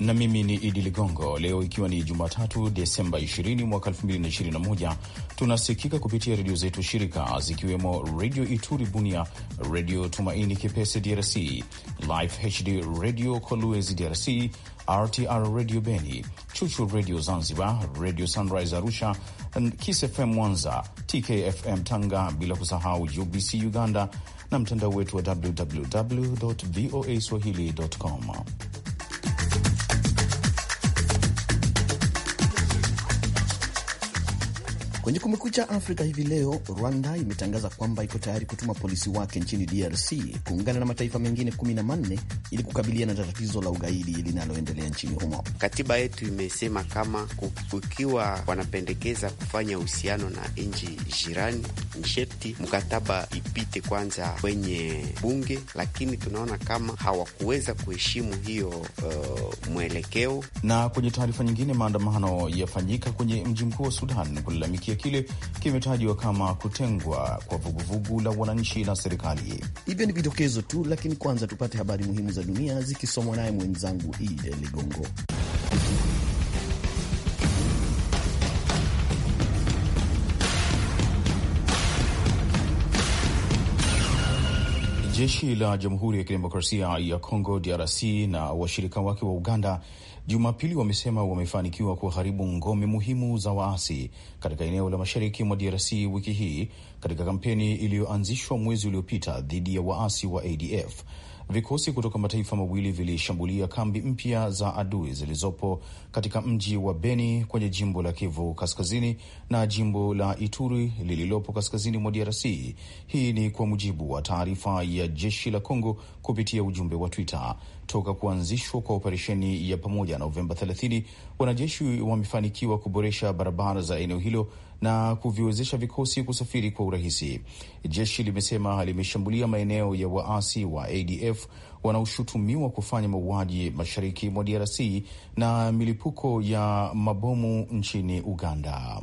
na mimi ni Idi Ligongo. Leo ikiwa ni Jumatatu, Desemba 20 mwaka 2021, tunasikika kupitia redio zetu shirika zikiwemo Redio Ituri Bunia, Redio Tumaini Kipese DRC, Life HD Radio Kolwezi DRC, RTR Radio Beni, Chuchu Radio Zanzibar, Radio Sunrise Arusha, KisFM Mwanza, TKFM Tanga, bila kusahau UBC Uganda na mtandao wetu wa www voa swahili.com. Kwenye Kumekucha Afrika hivi leo, Rwanda imetangaza kwamba iko tayari kutuma polisi wake nchini DRC kuungana na mataifa mengine kumi na manne ili kukabiliana na tatizo la ugaidi linaloendelea nchini humo. Katiba yetu imesema kama ukiwa wanapendekeza kufanya uhusiano na nchi jirani, nsheti mkataba ipite kwanza kwenye bunge, lakini tunaona kama hawakuweza kuheshimu hiyo uh, mwelekeo. Na kwenye taarifa nyingine, maandamano yafanyika kwenye mji mkuu wa Sudan kulalamikia kushughulikia kile kimetajwa kama kutengwa kwa vuguvugu la wananchi na serikali. Hivyo ni vidokezo tu, lakini kwanza tupate habari muhimu za dunia zikisomwa naye mwenzangu Ide Ligongo. Jeshi la Jamhuri ya Kidemokrasia ya Kongo DRC na washirika wake wa Uganda Jumapili wamesema wamefanikiwa kuharibu ngome muhimu za waasi katika eneo la mashariki mwa DRC wiki hii katika kampeni iliyoanzishwa mwezi uliopita dhidi ya waasi wa ADF. Vikosi kutoka mataifa mawili vilishambulia kambi mpya za adui zilizopo katika mji wa Beni kwenye jimbo la Kivu Kaskazini na jimbo la Ituri lililopo kaskazini mwa DRC. Hii ni kwa mujibu wa taarifa ya jeshi la congo kupitia ujumbe wa Twitter. Toka kuanzishwa kwa operesheni ya pamoja Novemba 30, wanajeshi wamefanikiwa kuboresha barabara za eneo hilo na kuviwezesha vikosi kusafiri kwa urahisi. Jeshi limesema limeshambulia maeneo ya waasi wa ADF wanaoshutumiwa kufanya mauaji mashariki mwa DRC na milipuko ya mabomu nchini Uganda.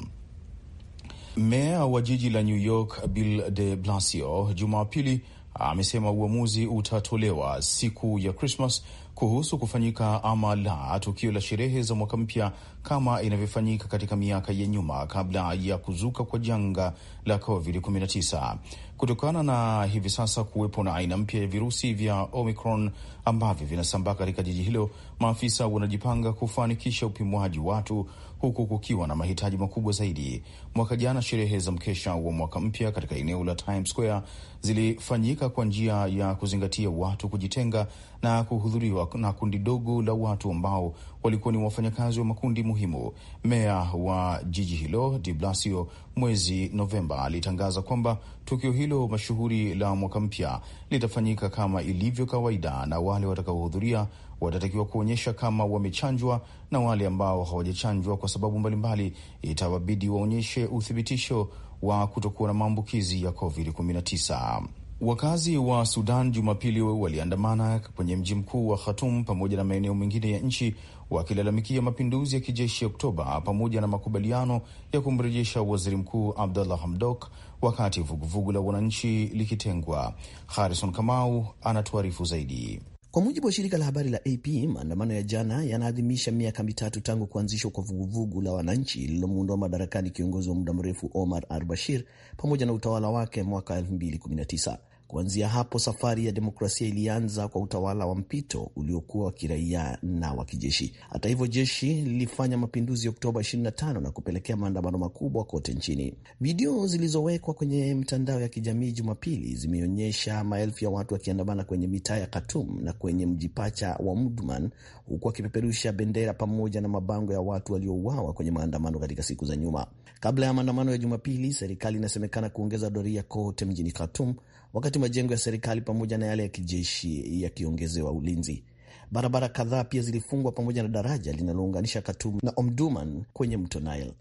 Meya wa jiji la New York Bill de Blasio Jumapili amesema uamuzi utatolewa siku ya Krismas kuhusu kufanyika ama la tukio la sherehe za mwaka mpya kama inavyofanyika katika miaka ya nyuma kabla ya kuzuka kwa janga la COVID-19 kutokana na hivi sasa kuwepo na aina mpya ya virusi vya Omicron ambavyo vinasambaa katika jiji hilo. Maafisa wanajipanga kufanikisha upimwaji watu huku kukiwa na mahitaji makubwa zaidi. Mwaka jana sherehe za mkesha wa mwaka mpya katika eneo la Times Square zilifanyika kwa njia ya kuzingatia watu kujitenga na kuhudhuriwa na kundi dogo la watu ambao walikuwa ni wafanyakazi wa makundi muhimu. Meya wa jiji hilo de Blasio mwezi Novemba alitangaza kwamba tukio hilo mashuhuri la mwaka mpya litafanyika kama ilivyo kawaida, na wale watakaohudhuria watatakiwa kuonyesha kama wamechanjwa, na wale ambao hawajachanjwa kwa sababu mbalimbali itawabidi waonyeshe uthibitisho wa kutokuwa na maambukizi ya COVID-19. Wakazi wa Sudan Jumapili waliandamana kwenye mji mkuu wa Khartoum pamoja na maeneo mengine ya nchi wakilalamikia mapinduzi ya kijeshi ya Oktoba pamoja na makubaliano ya kumrejesha waziri mkuu Abdullah Hamdok wakati vuguvugu la wananchi likitengwa. Harrison Kamau anatuarifu zaidi. Kwa mujibu wa shirika la habari la AP, maandamano ya jana yanaadhimisha miaka mitatu tangu kuanzishwa kwa vuguvugu la wananchi lililomuondoa madarakani kiongozi wa muda mrefu Omar al Bashir pamoja na utawala wake mwaka 2019. Kuanzia hapo safari ya demokrasia ilianza kwa utawala wa mpito uliokuwa wa kiraia na wa kijeshi. Hata hivyo, jeshi lilifanya mapinduzi Oktoba 25 na kupelekea maandamano makubwa kote nchini. Video zilizowekwa kwenye mtandao ya kijamii Jumapili zimeonyesha maelfu ya watu wakiandamana kwenye mitaa ya Khartoum na kwenye mji pacha wa Omdurman, huku wakipeperusha bendera pamoja na mabango ya watu waliouawa kwenye maandamano katika siku za nyuma. Kabla ya maandamano ya Jumapili, serikali inasemekana kuongeza doria kote mjini Khartoum wakati majengo ya serikali pamoja na yale ya kijeshi yakiongezewa ulinzi. Barabara kadhaa pia zilifungwa pamoja na daraja linalounganisha Katumu na Omduman kwenye mto Nile.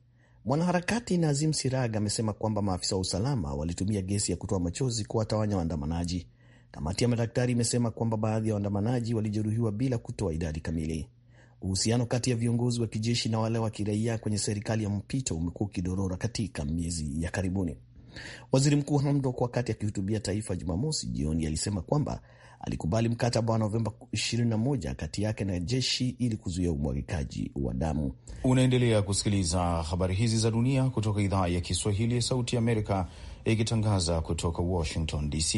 Mwanaharakati Nazim Sirag amesema kwamba maafisa wa usalama walitumia gesi ya kutoa machozi kuwatawanya waandamanaji. Kamati ya madaktari imesema kwamba baadhi ya waandamanaji walijeruhiwa bila kutoa idadi kamili. Uhusiano kati ya viongozi wa kijeshi na wale wa kiraia kwenye serikali ya mpito umekuwa ukidorora katika miezi ya karibuni. Waziri Mkuu Hamdok, wakati akihutubia taifa Jumamosi jioni, alisema kwamba alikubali mkataba wa Novemba 21 kati yake na jeshi ili kuzuia umwagikaji wa damu. Unaendelea kusikiliza habari hizi za dunia kutoka idhaa ya Kiswahili ya Sauti ya Amerika, ikitangaza kutoka Washington DC.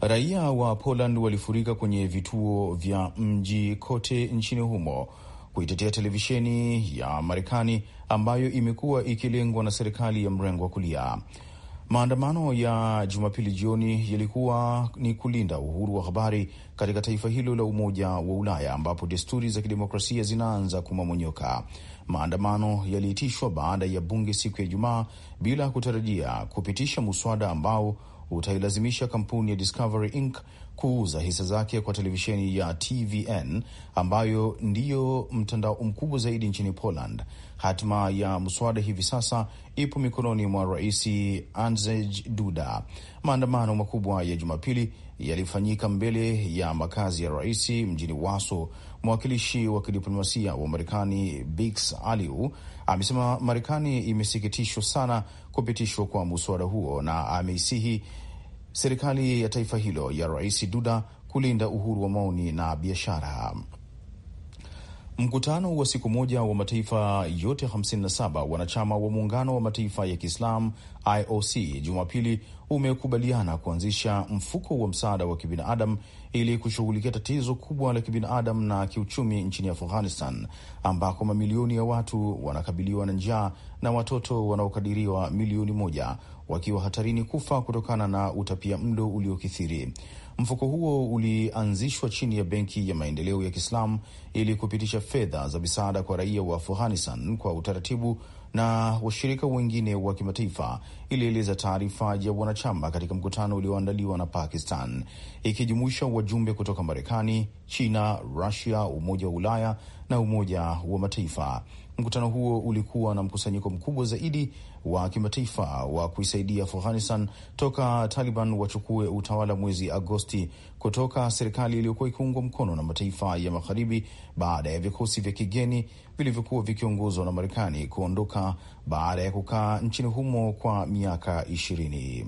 Raia wa Poland walifurika kwenye vituo vya mji kote nchini humo kuitetea televisheni ya Marekani ambayo imekuwa ikilengwa na serikali ya mrengo wa kulia. Maandamano ya Jumapili jioni yalikuwa ni kulinda uhuru wa habari katika taifa hilo la Umoja wa Ulaya ambapo desturi za kidemokrasia zinaanza kumamonyoka. Maandamano yaliitishwa baada ya bunge siku ya Ijumaa bila kutarajia kupitisha muswada ambao utailazimisha kampuni ya Discovery Inc kuuza hisa zake kwa televisheni ya TVN ambayo ndiyo mtandao mkubwa zaidi nchini Poland. Hatima ya mswada hivi sasa ipo mikononi mwa Rais Andrzej Duda. Maandamano makubwa ya Jumapili yalifanyika mbele ya makazi ya rais mjini Waso. Mwakilishi wa kidiplomasia wa Marekani Bix Aliu amesema Marekani imesikitishwa sana kupitishwa kwa mswada huo na ameisihi serikali ya taifa hilo ya Rais Duda kulinda uhuru wa maoni na biashara. Mkutano wa siku moja wa mataifa yote 57 wanachama wa muungano wa mataifa ya Kiislamu IOC Jumapili umekubaliana kuanzisha mfuko wa msaada wa kibinadamu ili kushughulikia tatizo kubwa la kibinadamu na kiuchumi nchini Afghanistan ambako mamilioni ya watu wanakabiliwa na njaa na watoto wanaokadiriwa milioni moja wakiwa hatarini kufa kutokana na utapia mlo uliokithiri. Mfuko huo ulianzishwa chini ya Benki ya Maendeleo ya Kiislamu ili kupitisha fedha za misaada kwa raia wa Afghanistan kwa utaratibu na washirika wengine wa kimataifa, ilieleza taarifa ya wanachama katika mkutano ulioandaliwa na Pakistan, ikijumuisha wajumbe kutoka Marekani, China, Rusia, Umoja wa Ulaya na Umoja wa Mataifa. Mkutano huo ulikuwa na mkusanyiko mkubwa zaidi wa kimataifa wa kuisaidia Afghanistan toka Taliban wachukue utawala mwezi Agosti kutoka serikali iliyokuwa ikiungwa mkono na mataifa ya Magharibi baada ya vikosi vya kigeni vilivyokuwa vikiongozwa na Marekani kuondoka baada ya kukaa nchini humo kwa miaka ishirini.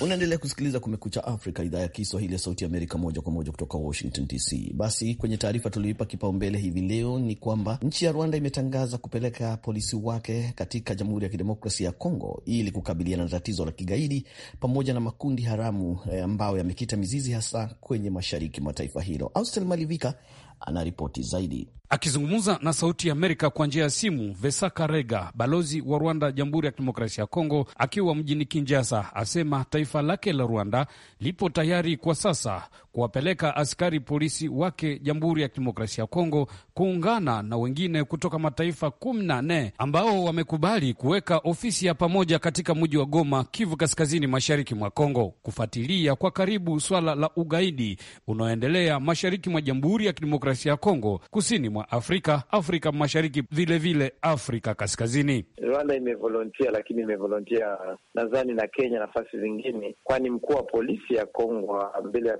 Unaendelea kusikiliza Kumekucha Afrika, idhaa ya Kiswahili ya Sauti Amerika, moja kwa moja kutoka Washington DC. Basi kwenye taarifa tulioipa kipaumbele hivi leo ni kwamba nchi ya Rwanda imetangaza kupeleka polisi wake katika Jamhuri ya Kidemokrasia ya Kongo ili kukabiliana na tatizo la kigaidi pamoja na makundi haramu eh, ambayo yamekita mizizi hasa kwenye mashariki mwa taifa hilo. Austel Malivika anaripoti zaidi. Akizungumza na Sauti ya Amerika kwa njia ya simu, Vesaka Rega, balozi wa Rwanda Jamhuri ya Kidemokrasia ya Kongo, akiwa mjini Kinjasa, asema taifa lake la Rwanda lipo tayari kwa sasa kuwapeleka askari polisi wake Jamhuri ya Kidemokrasia ya Kongo kuungana na wengine kutoka mataifa kumi na nne ambao wamekubali kuweka ofisi ya pamoja katika mji wa Goma, Kivu Kaskazini, mashariki mwa Kongo, kufuatilia kwa karibu swala la ugaidi unaoendelea mashariki mwa Jamhuri ya Kidemokrasia ya Kongo, kusini mwa Afrika, Afrika Mashariki, vilevile vile Afrika Kaskazini. Rwanda imevolontia, lakini imevolontia nadhani na Kenya nafasi zingine, kwani mkuu wa polisi ya Kongo mbele ya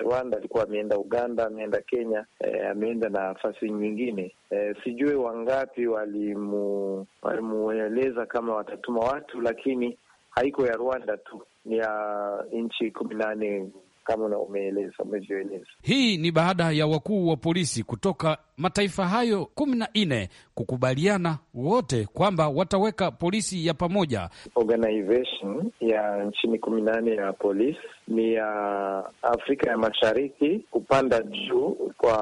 Rwanda, alikuwa ameenda Uganda, ameenda Kenya, eh, ameenda na nafasi nyingine eh, sijui wangapi walimu walimueleza kama watatuma watu, lakini haiko ya Rwanda tu, ni ya nchi kumi na nane kama umeeleza umevyoeleza. Hii ni baada ya wakuu wa polisi kutoka mataifa hayo kumi na nne kukubaliana wote kwamba wataweka polisi ya pamoja. Organization ya nchini kumi na nane ya polisi ni ya Afrika ya Mashariki kupanda juu kwa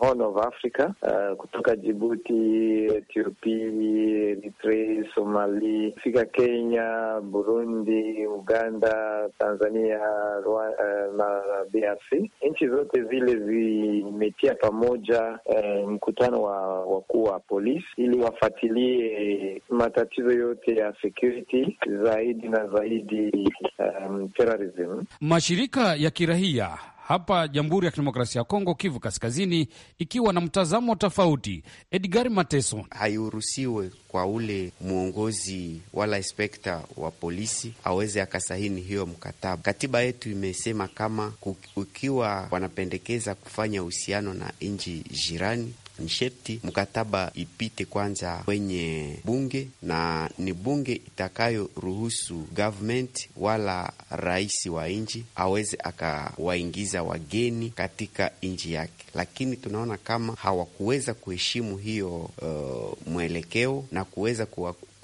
Horn of Africa, uh, kutoka Jibuti, Ethiopia, Eritrea, Somali fika Kenya, Burundi, Uganda, Tanzania, Rwanda, uh, na DRC. Nchi zote zile zimetia pamoja uh, mkutano wa wakuu mkuu wa polisi ili wafuatilie matatizo yote ya security zaidi na zaidi um, terrorism. Mashirika ya kirahia hapa Jamhuri ya Kidemokrasia ya Kongo, Kivu Kaskazini, ikiwa na mtazamo tofauti. Edgar Mateso: hairuhusiwe kwa ule mwongozi wala inspekta wa polisi aweze akasahini hiyo mkataba. Katiba yetu imesema kama ukiwa wanapendekeza kufanya uhusiano na nchi jirani, nsheti mkataba ipite kwanza kwenye bunge, na ni bunge itakayoruhusu government wala rais wa nchi aweze akawaingiza wageni katika nchi yake, lakini tunaona kama hawakuweza kuheshimu hiyo uh, mwelekeo na kuweza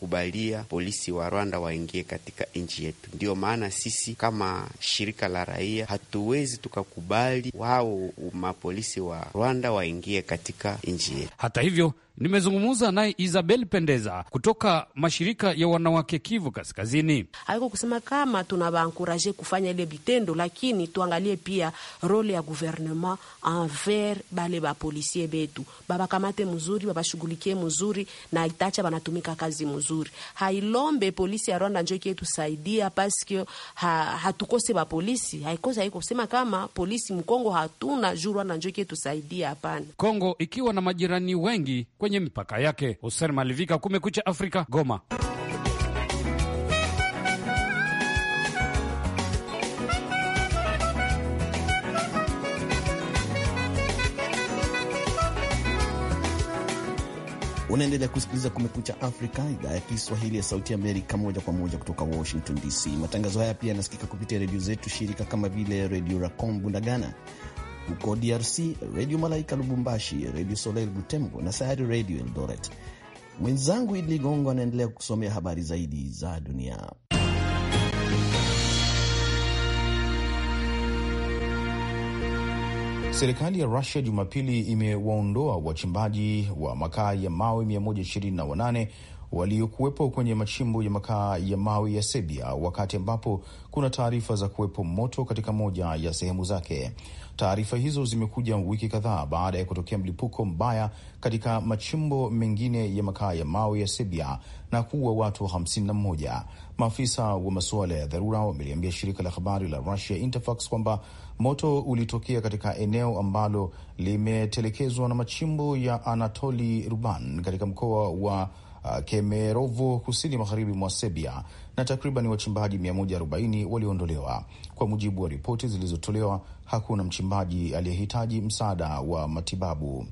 kukubalia polisi wa Rwanda waingie katika nchi yetu. Ndiyo maana sisi kama shirika la raia hatuwezi tukakubali wao mapolisi wa Rwanda waingie katika nchi yetu. Hata hivyo Nimezungumza naye Isabel Pendeza kutoka mashirika ya wanawake Kivu Kaskazini. Haiko kusema kama tunawankuraje kufanya ile vitendo, lakini tuangalie pia role ya guvernema enver bale bapolisie betu, babakamate mzuri, babashughulikie mzuri na itacha banatumika kazi mzuri. Hailombe polisi ya Rwanda njo ikietusaidia paske ha, hatukose bapolisi haikosa, Aiko kusema kama polisi mkongo hatuna juu Rwanda njo ikietusaidia hapana. Kongo ikiwa na majirani wengi kwenye mipaka yake. Hosen Malivika, Kumekucha Afrika, Goma. Unaendelea kusikiliza Kumekucha Afrika, idhaa ya Kiswahili ya Sauti Amerika, moja kwa moja kutoka Washington DC. Matangazo haya pia yanasikika kupitia redio zetu shirika kama vile Redio Racom bundagana huko DRC, Redio Malaika Lubumbashi, Redio Soleil Butembo na Sayari Redio Eldoret. Mwenzangu Idi Ligongo anaendelea kusomea habari zaidi za dunia. Serikali ya Rusia Jumapili imewaondoa wachimbaji wa makaa ya mawe 128 waliokuwepo kwenye machimbo ya makaa ya mawe ya Serbia, wakati ambapo kuna taarifa za kuwepo moto katika moja ya sehemu zake. Taarifa hizo zimekuja wiki kadhaa baada ya kutokea mlipuko mbaya katika machimbo mengine ya makaa ya mawe ya Serbia na kuua watu 51. Maafisa wa masuala ya dharura wameliambia shirika la habari la Russia Interfax kwamba moto ulitokea katika eneo ambalo limetelekezwa na machimbo ya Anatoli Ruban katika mkoa wa Uh, Kemerovo, kusini magharibi mwa Serbia, na takriban wachimbaji 140 walioondolewa. Kwa mujibu wa ripoti zilizotolewa, hakuna mchimbaji aliyehitaji msaada wa matibabu.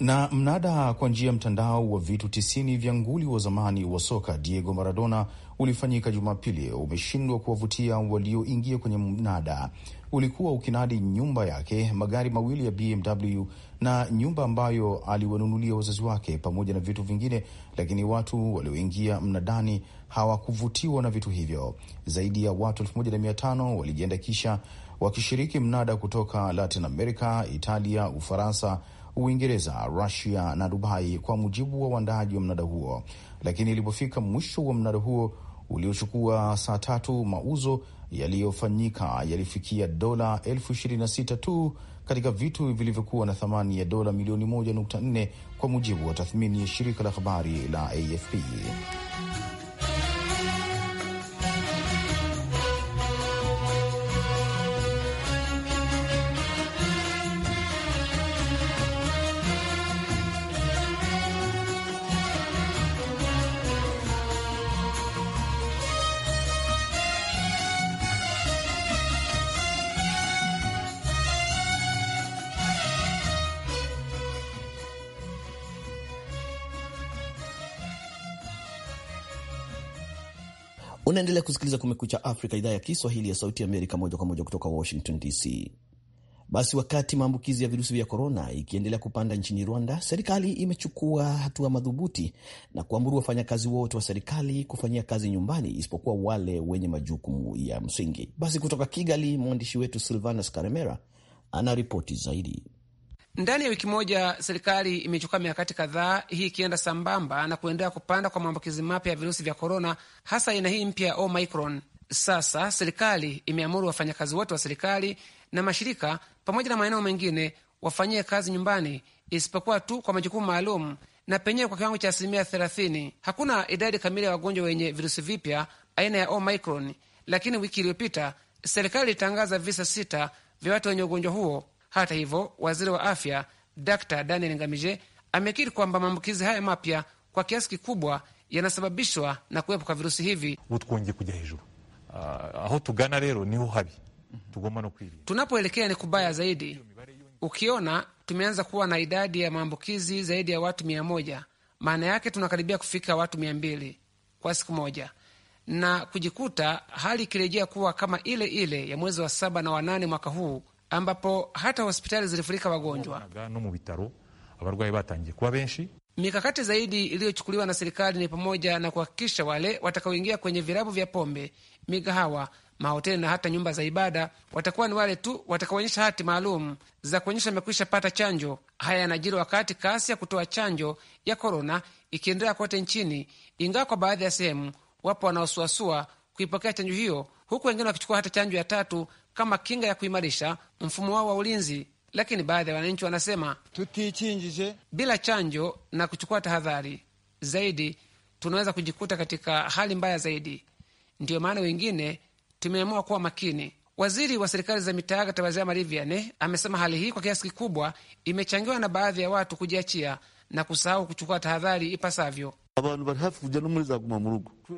Na mnada kwa njia ya mtandao wa vitu tisini vya nguli wa zamani wa soka Diego Maradona ulifanyika Jumapili umeshindwa kuwavutia walioingia kwenye mnada. Ulikuwa ukinadi nyumba yake, magari mawili ya BMW na nyumba ambayo aliwanunulia wazazi wake pamoja na vitu vingine, lakini watu walioingia mnadani hawakuvutiwa na vitu hivyo. Zaidi ya watu elfu moja na mia tano walijiandikisha wakishiriki mnada kutoka Latin America, Italia, Ufaransa Uingereza, Rusia na Dubai, kwa mujibu wa uandaaji wa mnada huo. Lakini ilipofika mwisho wa mnada huo uliochukua saa tatu, mauzo yaliyofanyika yalifikia dola elfu ishirini na sita tu katika vitu vilivyokuwa na thamani ya dola milioni 1.4 kwa mujibu wa tathmini ya shirika la habari la AFP. Unaendelea kusikiliza Kumekucha Afrika, idhaa ya Kiswahili ya Sauti Amerika, moja kwa moja kutoka Washington DC. Basi wakati maambukizi ya virusi vya korona ikiendelea kupanda nchini Rwanda, serikali imechukua hatua madhubuti na kuamuru wafanyakazi wote wa serikali kufanyia kazi nyumbani isipokuwa wale wenye majukumu ya msingi. Basi kutoka Kigali, mwandishi wetu Silvanus Karemera ana ripoti zaidi. Ndani ya wiki moja serikali imechukua mikakati kadhaa, hii ikienda sambamba na kuendelea kupanda kwa maambukizi mapya ya virusi vya korona, hasa aina hii mpya ya Omicron. Sasa serikali imeamuru wafanyakazi wote wa serikali na mashirika pamoja na maeneo mengine wafanyie kazi nyumbani, isipokuwa tu kwa majukumu maalum na penyewe kwa kiwango cha asilimia thelathini. Hakuna idadi kamili ya wagonjwa wenye virusi vipya aina ya Omicron, lakini wiki iliyopita serikali ilitangaza visa sita vya watu wenye ugonjwa huo hata hivyo, waziri wa afya Dr Daniel Ngamije amekiri kwamba maambukizi haya mapya kwa kiasi kikubwa yanasababishwa na kuwepo kwa virusi hivi. Uh, tugana niho habi tunapoelekea ni kubaya zaidi. Ukiona tumeanza kuwa na idadi ya maambukizi zaidi ya watu mia moja, maana yake tunakaribia kufika watu mia mbili kwa siku moja, na kujikuta hali ikirejea kuwa kama ile ile ya mwezi wa saba na wanane mwaka huu, ambapo hata hospitali zilifurika wagonjwa. Mikakati zaidi iliyochukuliwa na serikali ni pamoja na kuhakikisha wale watakaoingia kwenye vilabu vya pombe, migahawa, mahoteli na hata nyumba za ibada watakuwa ni wale tu watakaoonyesha hati maalum za kuonyesha amekwisha pata chanjo. Haya yanajiri wakati kasi ya kutoa chanjo ya korona ikiendelea kote nchini, ingawa kwa baadhi ya sehemu wapo wanaosuasua kuipokea chanjo hiyo, huku wengine wakichukua hata chanjo ya tatu kama kinga ya kuimarisha mfumo wao wa ulinzi, lakini baadhi ya wananchi wanasema tutichinjije bila chanjo na kuchukua tahadhari zaidi tunaweza kujikuta katika hali mbaya zaidi. Ndiyo maana wengine tumeamua kuwa makini. Waziri wa serikali za mitaa Katabazia Mariviane amesema hali hii kwa kiasi kikubwa imechangiwa na baadhi ya watu kujiachia na kusahau kuchukua tahadhari ipasavyo.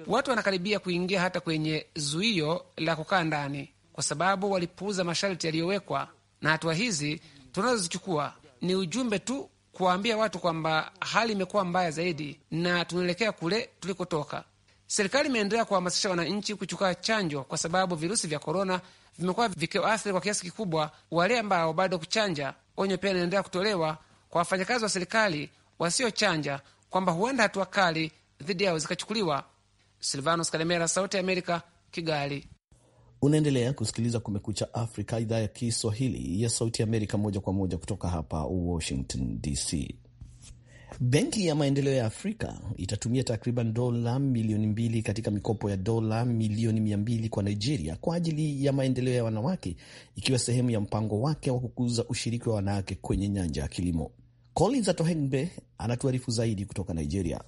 Watu wanakaribia kuingia hata kwenye zuio la kukaa ndani kwa sababu walipuuza masharti yaliyowekwa. Na hatua hizi tunazozichukua ni ujumbe tu kuwaambia watu kwamba hali imekuwa mbaya zaidi na tunaelekea kule tulikotoka. Serikali imeendelea kuhamasisha wananchi kuchukua chanjo, kwa sababu virusi vya korona vimekuwa vikiwaathiri kwa kiasi kikubwa wale ambao bado kuchanja. Onyo pia inaendelea kutolewa kwa wafanyakazi wa serikali wasiochanja kwamba huenda hatua kali dhidi yao zikachukuliwa. Silvanos Kalemera, Sauti ya Amerika, Kigali. Unaendelea kusikiliza Kumekucha Afrika, idhaa ya Kiswahili ya Sauti ya Amerika, moja kwa moja kutoka hapa Washington DC. Benki ya Maendeleo ya Afrika itatumia takriban dola milioni mbili katika mikopo ya dola milioni mia mbili kwa Nigeria kwa ajili ya maendeleo ya wanawake, ikiwa sehemu ya mpango wake wa kukuza ushiriki wa wanawake kwenye nyanja ya kilimo. Collins Atohengbe anatuarifu zaidi kutoka Nigeria.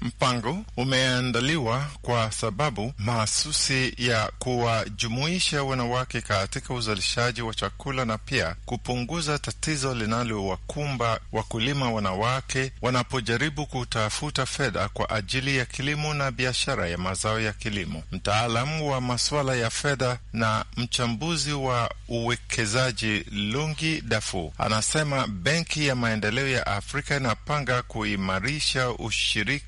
Mpango umeandaliwa kwa sababu maasusi ya kuwajumuisha wanawake katika uzalishaji wa chakula na pia kupunguza tatizo linalowakumba wakulima wanawake wanapojaribu kutafuta fedha kwa ajili ya kilimo na biashara ya mazao ya kilimo. Mtaalamu wa masuala ya fedha na mchambuzi wa uwekezaji Lungi Dafu anasema Benki ya Maendeleo ya Afrika inapanga kuimarisha ushiriki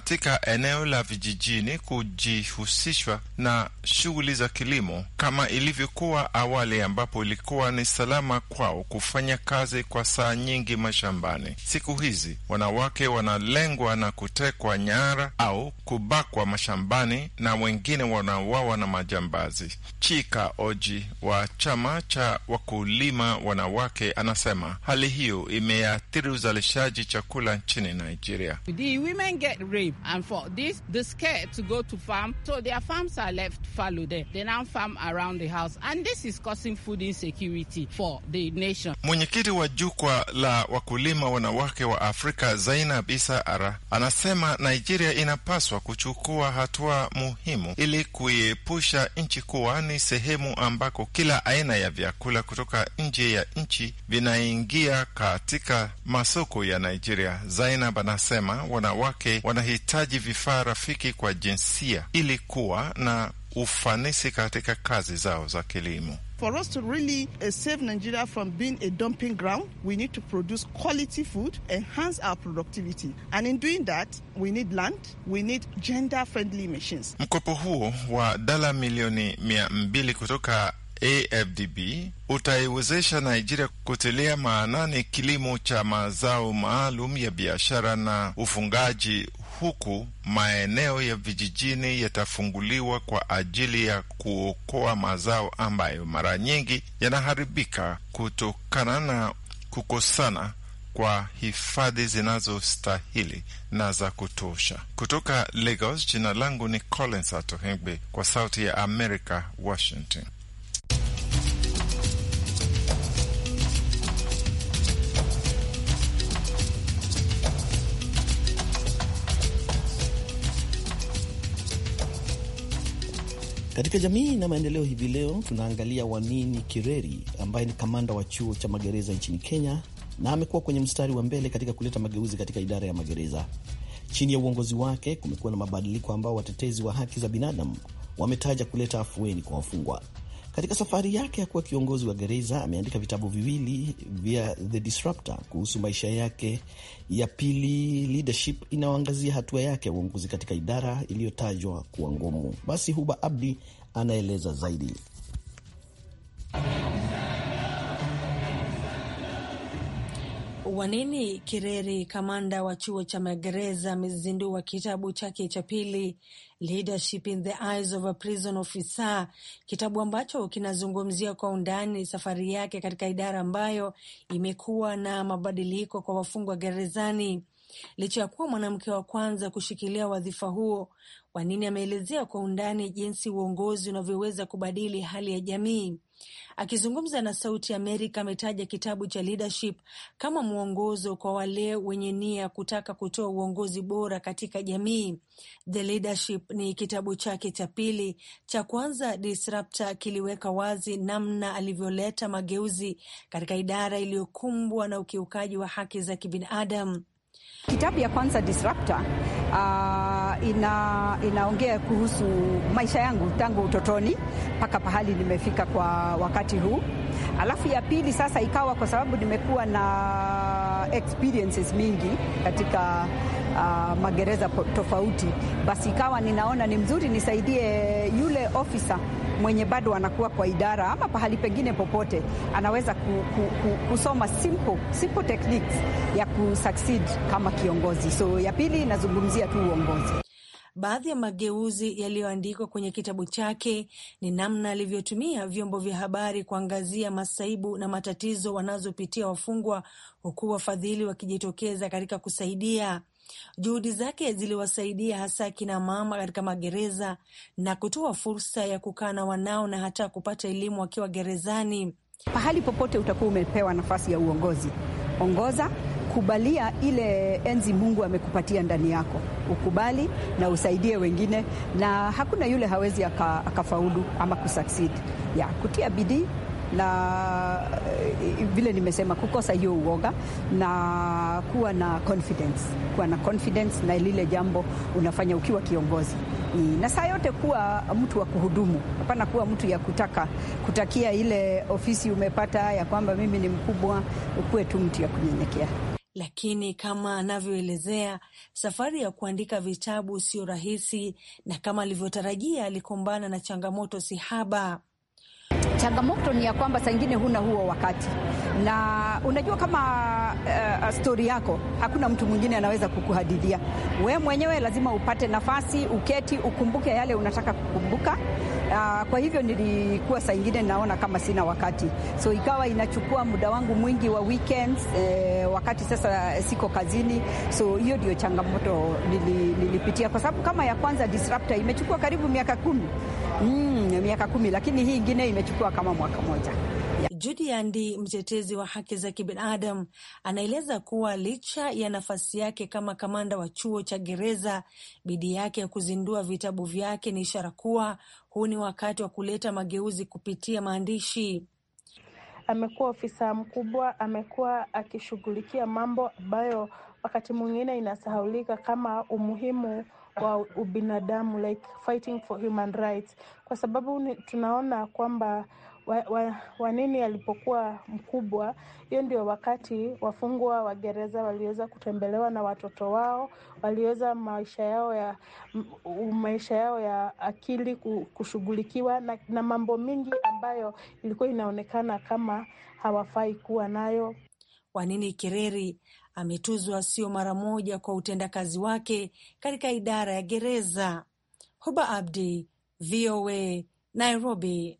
katika eneo la vijijini kujihusishwa na shughuli za kilimo kama ilivyokuwa awali, ambapo ilikuwa ni salama kwao kufanya kazi kwa saa nyingi mashambani. Siku hizi wanawake wanalengwa na kutekwa nyara au kubakwa mashambani na wengine wanauawa na majambazi. Chika Oji wa chama cha wakulima wanawake anasema hali hiyo imeathiri uzalishaji chakula nchini Nigeria. The women get raped sheep. And for this, the scare to go to farm, so their farms are left fallow there. They now farm around the house. And this is causing food insecurity for the nation. Mwenyekiti wa jukwa la wakulima wanawake wa Afrika Zainab Isa Ara anasema Nigeria inapaswa kuchukua hatua muhimu ili kuiepusha nchi kuwa ni sehemu ambako kila aina ya vyakula kutoka nje ya nchi vinaingia katika masoko ya Nigeria. Zainab anasema wanawake wanahi inahitaji vifaa rafiki kwa jinsia ili kuwa na ufanisi katika kazi zao za kilimo. For us to really uh, save Nigeria from being a dumping ground, we need to produce quality food, enhance our productivity. And in doing that, we need land, we need gender-friendly machines. Mkopo huo wa dola milioni mia mbili kutoka AfDB utaiwezesha Nigeria kutilia maanani kilimo cha mazao maalum ya biashara na ufungaji huku maeneo ya vijijini yatafunguliwa kwa ajili ya kuokoa mazao ambayo mara nyingi yanaharibika kutokana na kukosana kwa hifadhi zinazostahili na za kutosha. Kutoka Lagos, jina langu ni Collins Atohengbe, kwa Sauti ya America, Washington. Katika jamii na maendeleo, hivi leo tunaangalia Wanini Kireri ambaye ni kamanda wa chuo cha magereza nchini Kenya na amekuwa kwenye mstari wa mbele katika kuleta mageuzi katika idara ya magereza. Chini ya uongozi wake kumekuwa na mabadiliko ambao watetezi wa haki za binadamu wametaja kuleta afueni kwa wafungwa. Katika safari yake ya kuwa kiongozi wa gereza ameandika vitabu viwili vya The Disruptor kuhusu maisha yake. Ya pili Leadership inayoangazia hatua yake ya uongozi katika idara iliyotajwa kuwa ngumu. Basi Huba Abdi anaeleza zaidi. Wanini Kireri, kamanda wa chuo cha magereza, amezindua kitabu chake cha pili Leadership in the Eyes of a Prison Officer, kitabu ambacho kinazungumzia kwa undani safari yake katika idara ambayo imekuwa na mabadiliko kwa wafungwa gerezani licha ya kuwa mwanamke wa kwanza kushikilia wadhifa huo. Wanini ameelezea kwa undani jinsi uongozi unavyoweza kubadili hali ya jamii. Akizungumza na Sauti Amerika, ametaja kitabu cha Leadership kama mwongozo kwa wale wenye nia ya kutaka kutoa uongozi bora katika jamii. The Leadership ni kitabu chake cha pili. Cha kwanza Disruptor kiliweka wazi namna alivyoleta mageuzi katika idara iliyokumbwa na ukiukaji wa haki za kibinadamu. Kitabu ya kwanza Disruptor, uh, ina, inaongea kuhusu maisha yangu tangu utotoni mpaka pahali nimefika kwa wakati huu Alafu ya pili sasa ikawa kwa sababu nimekuwa na experiences mingi katika uh, magereza tofauti, basi ikawa ninaona ni mzuri nisaidie yule ofisa mwenye bado anakuwa kwa idara ama pahali pengine popote, anaweza ku, ku, ku, kusoma simple, simple techniques ya kusucceed kama kiongozi. So ya pili inazungumzia tu uongozi. Baadhi ya mageuzi yaliyoandikwa kwenye kitabu chake ni namna alivyotumia vyombo vya habari kuangazia masaibu na matatizo wanazopitia wafungwa, huku wafadhili wakijitokeza katika kusaidia. Juhudi zake ziliwasaidia hasa kina mama katika magereza na kutoa fursa ya kukaa na wanao na hata kupata elimu wakiwa gerezani. Pahali popote utakuwa umepewa nafasi ya uongozi, ongoza kukubalia ile enzi Mungu amekupatia ndani yako, ukubali na usaidie wengine, na hakuna yule hawezi akafaulu ama kusucceed. Ya kutia bidii na eh, vile nimesema, kukosa hiyo uoga na kuwa na confidence, kuwa na confidence na lile jambo unafanya ukiwa kiongozi na saa yote kuwa mtu wa kuhudumu, hapana kuwa mtu ya kutaka kutakia ile ofisi umepata ya kwamba mimi ni mkubwa. Ukuwe tu mtu ya kunyenyekea lakini kama anavyoelezea, safari ya kuandika vitabu sio rahisi, na kama alivyotarajia, alikumbana na changamoto si haba. Changamoto ni ya kwamba saa ingine huna huo wakati, na unajua kama uh, eh, eh, stori yako hakuna mtu mwingine anaweza kukuhadithia we mwenyewe. Lazima upate nafasi, uketi, ukumbuke yale unataka kukumbuka. Uh, kwa hivyo nilikuwa saa ingine naona kama sina wakati, so ikawa inachukua muda wangu mwingi wa weekends, eh, wakati sasa siko kazini. So hiyo ndio changamoto nilipitia, kwa sababu kama ya kwanza disruptor imechukua karibu miaka kumi mm miaka kumi, lakini hii ingine imechukua kama mwaka moja. Judi Andi, mtetezi wa haki za kibinadamu, anaeleza kuwa licha ya nafasi yake kama kamanda wa chuo cha gereza, bidii yake ya kuzindua vitabu vyake ni ishara kuwa huu ni wakati wa kuleta mageuzi kupitia maandishi. Amekuwa ofisa mkubwa, amekuwa akishughulikia mambo ambayo wakati mwingine inasahaulika kama umuhimu wa ubinadamu like fighting for human rights, kwa sababu tunaona kwamba Wanini wa, wanini alipokuwa mkubwa, hiyo ndio wakati wafungwa wa gereza waliweza kutembelewa na watoto wao, waliweza maisha yao ya maisha yao ya akili kushughulikiwa na, na mambo mingi ambayo ilikuwa inaonekana kama hawafai kuwa nayo. Wanini Kireri ametuzwa sio mara moja kwa utendakazi wake katika idara ya gereza. Huba Abdi, VOA, Nairobi.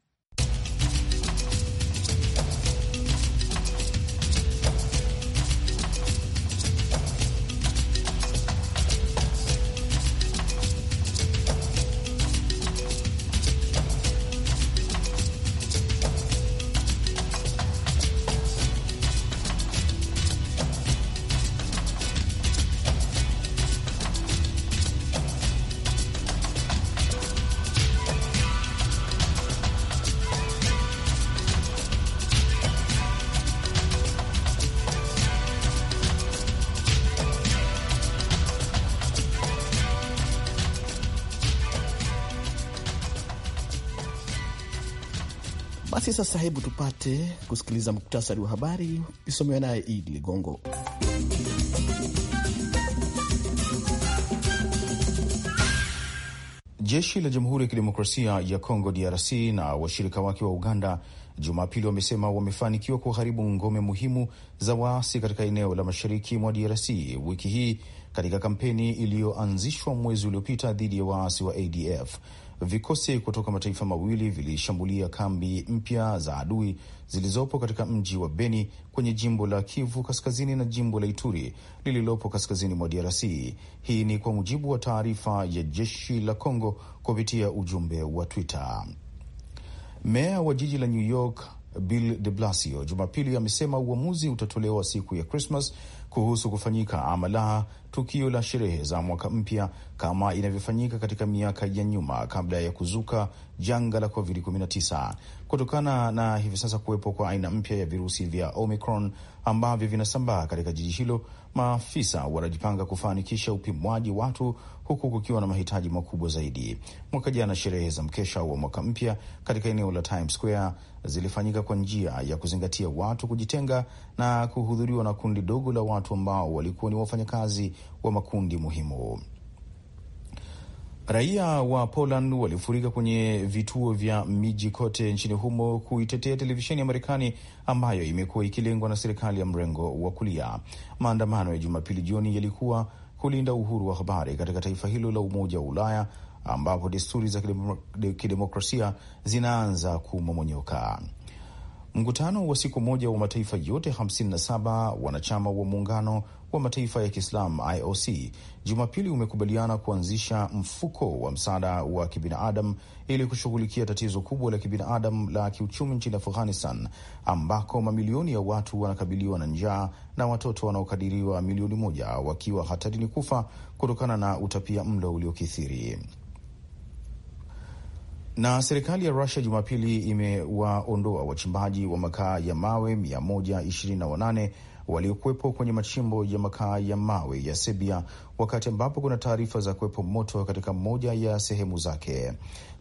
Basi sasa, hebu tupate kusikiliza muktasari wa habari isomewa naye Id Ligongo. Jeshi la Jamhuri ya Kidemokrasia ya Kongo DRC na washirika wake wa Uganda Jumapili wamesema wamefanikiwa kuharibu ngome muhimu za waasi katika eneo la mashariki mwa DRC wiki hii katika kampeni iliyoanzishwa mwezi uliopita dhidi ya waasi wa ADF. Vikosi kutoka mataifa mawili vilishambulia kambi mpya za adui zilizopo katika mji wa Beni kwenye jimbo la Kivu Kaskazini na jimbo la Ituri lililopo kaskazini mwa DRC. Hii ni kwa mujibu wa taarifa ya jeshi la congo kupitia ujumbe wa Twitter. Meya wa jiji la New York Bill de Blasio Jumapili amesema uamuzi utatolewa siku ya Krismas kuhusu kufanyika ama la tukio la sherehe za mwaka mpya kama inavyofanyika katika miaka ya nyuma kabla ya kuzuka janga la COVID-19 kutokana na hivi sasa kuwepo kwa aina mpya ya virusi vya Omicron ambavyo vinasambaa katika jiji hilo maafisa wanajipanga kufanikisha upimwaji watu huku kukiwa na mahitaji makubwa zaidi. Mwaka jana sherehe za mkesha wa mwaka mpya katika eneo la Times Square zilifanyika kwa njia ya kuzingatia watu kujitenga na kuhudhuriwa na kundi dogo la watu ambao walikuwa ni wafanyakazi wa makundi muhimu. Raia wa Poland walifurika kwenye vituo vya miji kote nchini humo kuitetea televisheni ya Marekani ambayo imekuwa ikilengwa na serikali ya mrengo wa kulia. Maandamano ya Jumapili jioni yalikuwa kulinda uhuru wa habari katika taifa hilo la Umoja wa Ulaya ambapo desturi za kidemokrasia zinaanza kumomonyoka. Mkutano wa siku moja wa mataifa yote 57 wanachama wa muungano wa Mataifa ya kiislam IOC Jumapili umekubaliana kuanzisha mfuko wa msaada wa kibinadamu ili kushughulikia tatizo kubwa la kibinadamu la kiuchumi nchini Afghanistan ambako mamilioni ya watu wanakabiliwa na njaa na watoto wanaokadiriwa milioni moja wakiwa hatarini kufa kutokana na utapia mlo uliokithiri. Na serikali ya Rusia Jumapili imewaondoa wachimbaji wa makaa ya mawe 128 waliokuwepo kwenye machimbo ya makaa ya mawe ya Serbia, wakati ambapo kuna taarifa za kuwepo moto katika moja ya sehemu zake.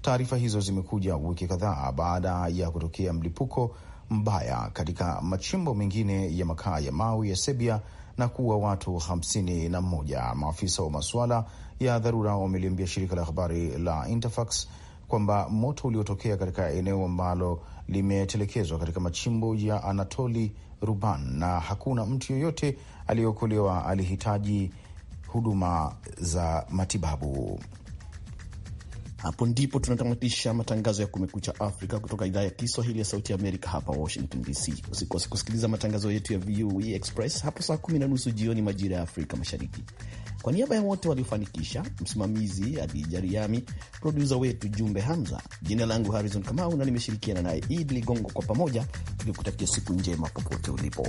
Taarifa hizo zimekuja wiki kadhaa baada ya kutokea mlipuko mbaya katika machimbo mengine ya makaa ya mawe ya Serbia na kuwa watu hamsini na moja. Maafisa wa masuala ya dharura wameliambia shirika la habari la Interfax kwamba moto uliotokea katika eneo ambalo limetelekezwa katika machimbo ya Anatoli Ruban na hakuna mtu yoyote aliyeokolewa alihitaji huduma za matibabu. Hapo ndipo tunatamatisha matangazo ya Kumekucha Afrika kutoka idhaa ya Kiswahili ya Sauti Amerika, hapa Washington DC. Usikose kusikiliza matangazo yetu ya VOA e Express hapo saa kumi na nusu jioni majira ya Afrika Mashariki. Kwa niaba ya wote waliofanikisha, msimamizi Adija Riami, produsa wetu Jumbe Hamza, jina langu Harrison Kamau na nimeshirikiana naye Idi Ligongo, kwa pamoja nikikutakia siku njema popote ulipo.